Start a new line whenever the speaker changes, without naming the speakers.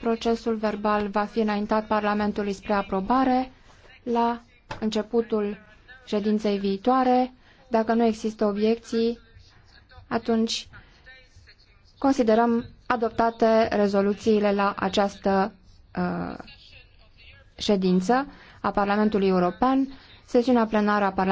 Procesul verbal va fi înaintat Parlamentului spre aprobare la începutul ședinței viitoare. Dacă nu există obiecții, atunci considerăm adoptate rezoluțiile la această uh, ședință a Parlamentului European,
sesiunea plenară a Parlamentului